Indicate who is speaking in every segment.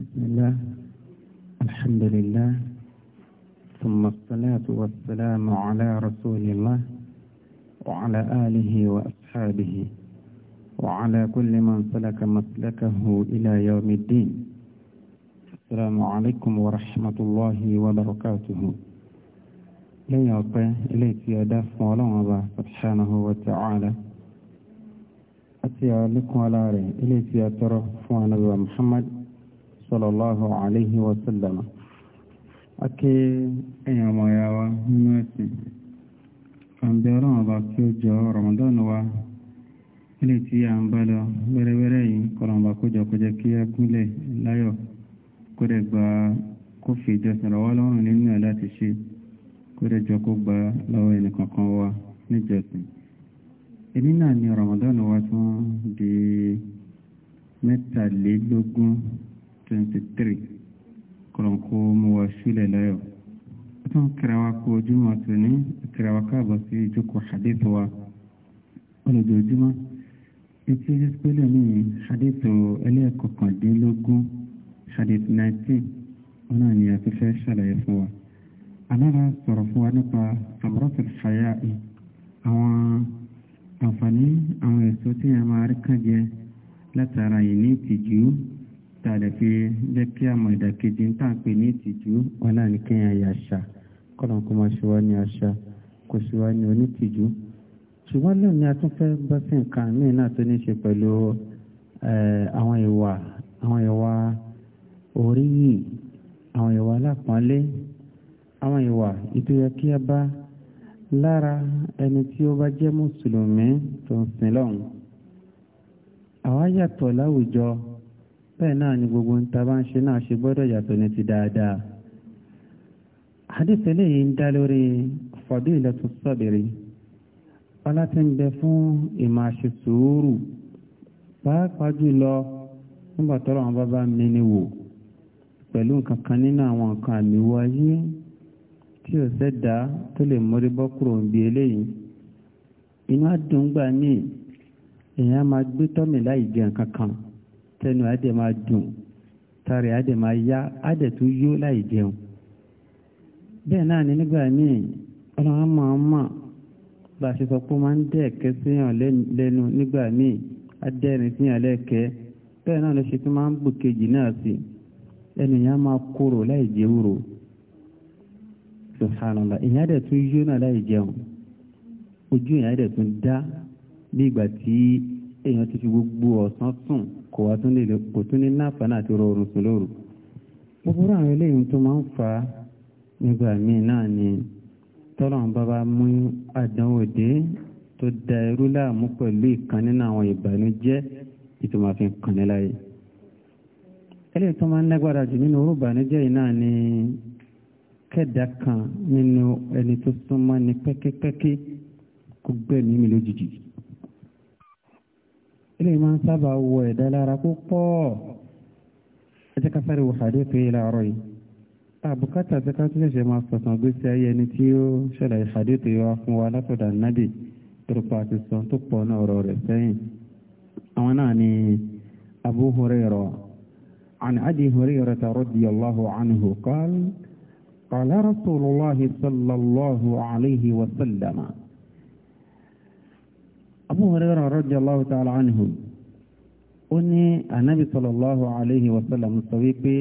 Speaker 1: بسم الله الحمد لله ثم الصلاة والسلام على رسول الله وعلى آله وأصحابه وعلى كل من سلك مسلكه إلى يوم الدين السلام عليكم ورحمة الله وبركاته لن يوقع إليك يا دافع الله سبحانه وتعالى أتي عليكم على إليك يا ترى فوانا محمد sallallahu alayhi wa sallam akí ẹ̀yàn ọmọ ìyá wa nínú ẹ̀sìn àǹbẹ ọlọ́run ọba kí ó jọ Ramadan wa ilé tí a ń bá lọ wẹ́rẹ́wẹ́rẹ́ yìí kọ́nà ọba kó jọ kó jẹ́ kí a gúnlẹ̀ láyọ̀ kó dẹ̀ gba kó fi ìjọsìn rọ̀ lọ́rùn nínú ẹ̀ láti ṣe kó dẹ̀ jọ kó gba lọ́wọ́ ẹnìkankan wa níjọsìn èmi náà ni Ramadan wa tún di mẹ́tàlélógún 23 kọ̀lọ̀kọ́ mú wa sílẹ̀ láyọ̀ tún kírawa kú ojúmọ̀ tó ní kírawa káàbọ̀ sí ìjókòó hadith wa olójoojúmọ́ etí ìsípẹ́lẹ̀ ní hadith ẹlẹ́ẹ̀kọkàndínlógún hadith 19 ọ̀nà ni a ti fẹ́ ṣàlàyé fún wa alára sọ̀rọ̀ fún wa nípa àbúrọ̀tò ṣàyà àwọn àǹfààní àwọn èso tí a máa rí kàn jẹ látara ìní ìtìjú tààdẹ̀ fi jẹ́ kí ìdàkejì ń tàn pé ní ìtìjú wọn ní kí ẹ̀yà àṣà kọ́nà kó ṣe wá ní àṣà kò sí wá ní onítìjú ṣùgbọ́n lónìí a tún fẹ́ nkà sí nǹkan míì náà tó ní ṣe pẹ̀lú àwọn ìwà àwọn ìwà àwọn ìwà àwọn ìwà kí a bá lára ẹni tí ó bá jẹ́ mùsùlùmí tó ń bẹ́ẹ̀ náà ni gbogbo ń tàbá ń ṣe náà ṣe gbọ́dọ̀ yàtọ̀ ní ti dáadáa hadith eléyìí ń dá lórí fadilatu sabiri ọlá tí ń bẹ fún ìmọ̀ àṣẹ sùúrù pàápàá jùlọ nígbà tọ́rọ àwọn bàbá mi ni wò pẹ̀lú nǹkan kan nínú àwọn nǹkan àmì wáyé tí ò sẹ́dá tó lè mórí bọ́ kúrò ń bi eléyìí inú àdùn míì èèyàn máa gbé tọ́mì láì jẹ nǹkan tẹnu adẹ máa dùn tari adẹ máa ya adẹ tó yó láì jẹun bẹ́ẹ̀ náà ni nígbà míì ọlọ́run máa mọ̀ bá a ṣe sọ pé máa ń dẹ́ ẹ̀kẹ́ síyàn lẹ́nu nígbà míì adẹ́rin síyàn lẹ́kẹ́ bẹ́ẹ̀ náà ló ṣe tó máa ń bù kejì náà sí ẹnu yẹn máa kúrò láì jẹ́wúrò subhanallah ìyẹn adẹ tó yó náà láì jẹun ojú ìyẹn adẹ tó dá bí ìgbà tí èèyàn ti fi gbogbo ọ̀sán sùn kò wá tún lè kò tún ní náfààní àti rọrùn sùn lóru gbogbo àwọn eléyìí tó máa ń fa nígbà míì náà ni tọ́lọ́n bábá mú àdánwò dé tó da irú láàmú pẹ̀lú ìkan nínú àwọn ìbànújẹ́ ìtumọ̀ àfi kàn ní láyé eléyìí tó máa ń lágbára jù nínú orú ìbànújẹ́ yìí náà ni kẹ́dà kan nínú ẹni tó súnmọ́ ni pẹ́kípẹ́kí kó gbẹ̀mí mi lójijì ilé máa ń sábà wọ ẹ̀dá lára púpọ̀ ẹ jẹ́ ká sáré wò fàdé pé láàárọ̀ yìí àbùkátà tí ká tún ṣẹ̀ṣẹ̀ máa sọ̀tàn gbèsè ayé ẹni tí ó ṣẹlẹ̀ ìfàdé tó yọ fún wa látọ̀dà nábì torípa àti sàn tó pọ̀ náà ọ̀rọ̀ rẹ̀ sẹ́yìn àwọn náà ni Abu Hurairah عن أبي هريرة رضي الله عنه قال قال رسول الله صلى الله عليه وسلم Abu Hurairah radiyallahu ta'ala anhu ó ní anabi sallallahu alayhi wa sallam sọ wípé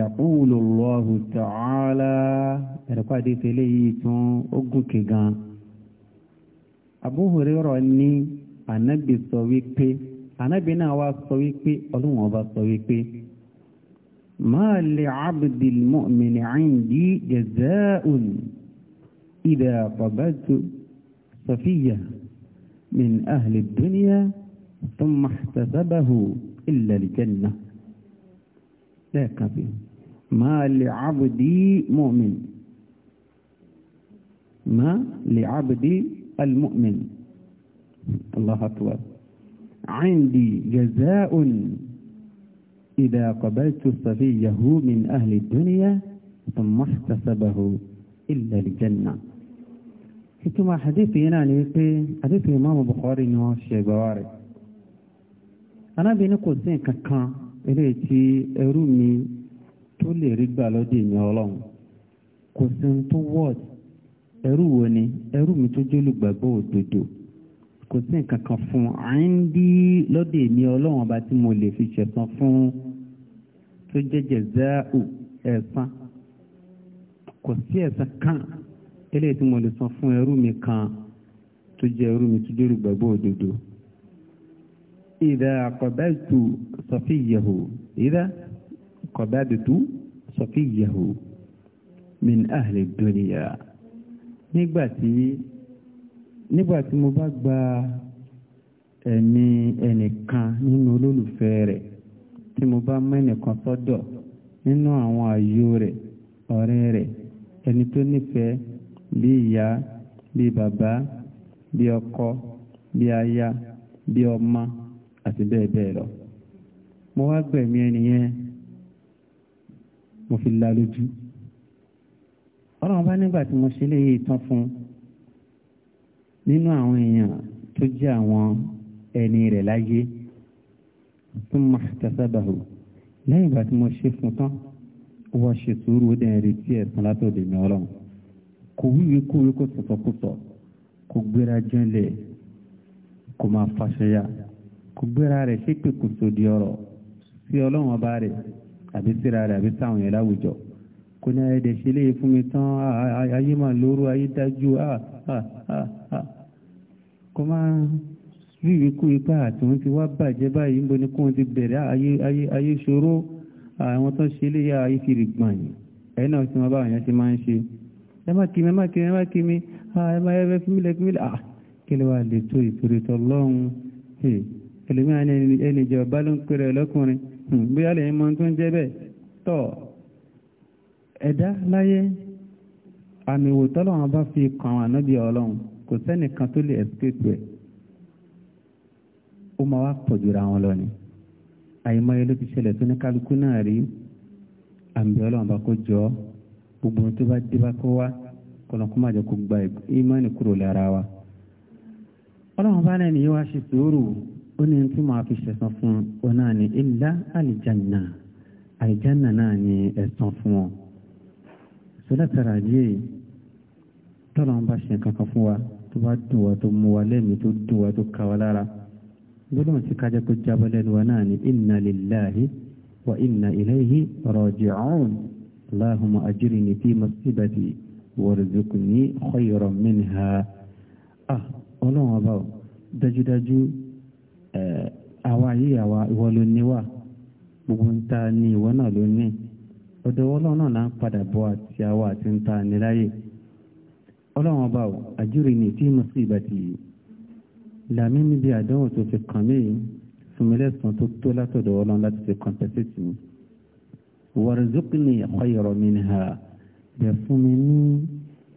Speaker 1: yaqulu Allahu ta'ala ẹ̀rọ̀pá àdéhùn eléyìí tún ó gòkè gan Abu Hurairah ní anabi sọ wípé anabi náà wá sọ wípé ọlọ́run ọba sọ wípé ma li abdil mu'mini 'indi jazaa'un idha qabaltu safiyya. من أهل الدنيا ثم احتسبه إلا الجنة لا كافي ما لعبدي مؤمن ما لعبدي المؤمن الله أكبر عندي جزاء إذا قبلت صفيه من أهل الدنيا ثم احتسبه إلا الجنة ìtumọ̀ àdéfì yìí náà ni wípé àdéfì Imam Bukhari ni wọ́n ṣe ẹgbàá rẹ̀ anábìíní kò sí nǹkan kan eléyìí tí ẹrú mi tó lè rí gbà lọ́dọ̀ èmi ọlọ́run kò sí ní tó wọ́ọ̀d ẹrú wo ni ẹrú mi tó jólùgbàgbọ́ òdodo kò sí nǹkan kan fún àìndí lọ́dọ̀ èmi ọlọ́run ọba tí mo lè fi ṣẹ̀san fún tó jẹ́ jẹ̀záù ẹ̀san kò sí ẹ̀san kan eléyìí tí mo lè san fún ẹrú mi kan tó jẹ́ ẹrú mi tó jẹ́rù gbàgbọ́ òdodo ìdá àkọ́bẹ́tù sọfíyẹ̀hù ìdá àkọ́bẹ́tù sọfíyẹ̀hù min ahli dunya nígbàtí nígbàtí mo bá gba ẹ̀mí ẹnìkan nínú olólùfẹ́ rẹ̀ tí mo bá mẹ́nìkan sọ́dọ̀ nínú àwọn àyò rẹ̀ ọ̀rẹ́ rẹ̀ ẹni tó nífẹ̀ẹ́ bí ìyá bí bàbá bí ọkọ bí aya bí ọmọ àti bẹ́ẹ̀ bẹ́ẹ̀ lọ mo wá gbẹ̀mí ẹni mo fi la lójú ọlọ́run bá nígbà tí mo ṣe léyìí tán fún nínú àwọn èèyàn tó jẹ́ àwọn ẹni rẹ̀ láyé tó mọ àtàsábàhù lẹ́yìn ìgbà tí mo ṣe fún tán wọ́n ṣètò ròdẹ̀ retí ẹ̀sán látọ̀dẹ̀ mi ọlọ́run kò wíwí kúwí kó sọ̀sọ̀kúsọ̀ kò gbéra jẹ́lẹ̀ kò máa fàṣẹyà kò gbéra rẹ̀ ṣépè kò sòdì ọ̀rọ̀ sí ọlọ́run ọba rẹ̀ àbí síra rẹ̀ àbí sáwọn yẹn láwùjọ kò ní ayé dẹ̀ ṣe léyìí fún mi tán ayé mà lóru ayé dájú kò máa wíwí kúwí pa àtúntò ti wá bàjẹ́ báyìí ń bo ni kóun ti bẹ̀rẹ̀ ayé ṣòro àwọn tó ṣe léyà ayé fi rìgbọ̀n yìí ẹ̀yin náà tí wọ́n bá àwọn yẹn ṣe máa ń ṣe ẹmá kí mi ẹmá kí mi ẹmá kí mi ẹmá ẹbẹ fún mílẹ̀ fún mílẹ̀ à kí ló wà lè tó ìtòrí tọ́lọ́run ẹlòmíà ẹni ìjọba bá ló ń pèrè ọlọ́kùnrin bóyá lè mọ tó ń jẹ́ bẹ́ẹ̀ tọ́ ẹ̀dá láyé àmì ìwò tọ́lọ́run bá fi kàn àwọn ànábì ọlọ́run kò sẹ́nìkan tó lè escape ẹ̀ ó máa wá pọ̀jùra wọn lọ ni àyèmọ́ yẹn ló ti ṣẹlẹ̀ tó ní kálukú náà rí àmì ọlọ́run bá kó jọ ọ́ gbogbo tó bá dé bá kó wá kọlọ́kọ́ má jẹ́ kó gba ìmánì kúrò lára wa. ọlọ́run bá lẹ́nu yóò wá ṣe sùúrù ó ní tí màá fi ṣẹ̀san fún ọ náà ní ilá àlìjánà àlìjánà náà ní ẹ̀san fún ọ. sọlẹ́tara díẹ̀ tọ́lọ́run bá ṣe nǹkan fún wa tó bá dùn wa tó mú wa lẹ́mìí tó dùn wa tó kà wá lára gbọ́dọ̀ tí kájẹ́ kó jábọ́ lẹ́nu wa náà ní inna lillahi wa inna ilayhi raji'un. اللهم أجرني في مصيبتي وارزقني خيرا منها ah ọlọ́run ọba ò dájúdájú àwa yìí àwa ìwọ ló ní wà gbogbo ń ta ni ìwọ náà ló ní ọ̀dọ̀ ọlọ́run náà náà ń padà bọ̀ àti àwa àti ń ta ni láyè ọlọ́run ọba ò àjúrì ní tí mo sì ìbàdí yìí làmí níbi àdánwò tó fi kàn mí fún mi lẹ́sàn-án tó tó látọ̀dọ̀ ọlọ́run láti fi kàn pẹ́sẹ́tì mi warzuqni khayra minha bẹ̀ fún mi ní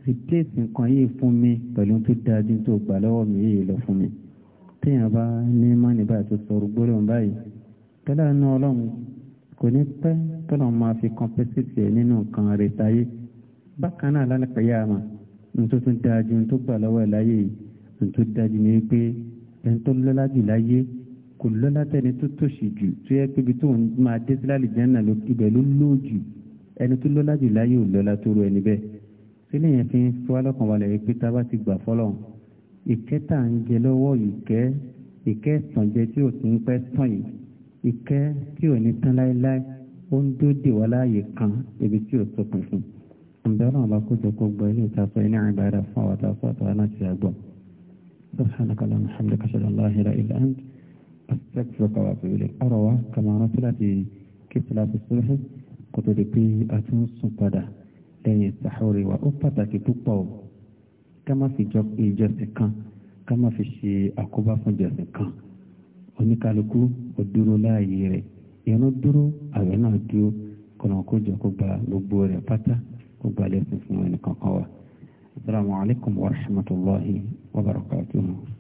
Speaker 1: replace nǹkan yìí fún mi pẹ̀lú tó dájú tó gbà lọ́wọ́ mi yìí lọ fún mi téèyàn bá ní mánì báyìí tó sọ̀rọ̀ gbólóhùn báyìí tọ́lá ní ọlọ́run kò ní pẹ́ tọ́lọ́ máa fi kọ́mpẹ́sìtì ẹ̀ nínú nǹkan rẹ̀ táyé bákan náà lálẹ́pẹ̀yà mà nítorí tó dájú tó gbà lọ́wọ́ ẹ̀ láyé yìí nítorí dájú ni pé ẹni tó lọ́lá jù láyé kò lọ́lá tẹni tó tòṣì jù tó yẹ pé ibi tó ń máa dé sílálì jẹ́nà ibẹ̀ ló lò jù ẹni tó lọ́lá jù láyé ò lọ́lá tó ro ẹni bẹ́ẹ̀ sílẹ̀ yẹn fi ń fi wá lọ́kàn balẹ̀ wípé tá a bá ti gbà fọ́lọ̀ ìkẹ́ tà ń jẹ lọ́wọ́ ìkẹ́ ìkẹ́ ìtànjẹ tí ò tún pẹ́ tán yìí ìkẹ́ tí ò ní tán láéláé ó ń dó dè wá láàyè kan ibi tí ò sópin fún ǹbẹ́ ọlọ́run bá kójọ kó gbọ́ ilé ìtafẹ́ ní ìbára fún àwọn àtàwọn àtàwọn láti àgbọ̀ sọ́kànlá kàlọ́ أستغفرك وأتوب إليك أروى كما نصلت kí sílátì sọ́lá kò tó di pé a tún sùn padà lẹ́yìn sàhóre wa ó pàtàkì púpọ̀ o ká má fi jọ ìjọsìn kan ká má fi ṣe àkóbá fún ìjọsìn kan oníkálukú ò dúró láàyè rẹ̀ ìrun dúró àwẹ̀ náà dúró kọ̀nàkójọ kó gba gbogbo rẹ̀ pátá kó gba lẹ́sìn fún ẹnì kankan wa. asalaamualeykum wa rahmatulahi wa barakatuhu.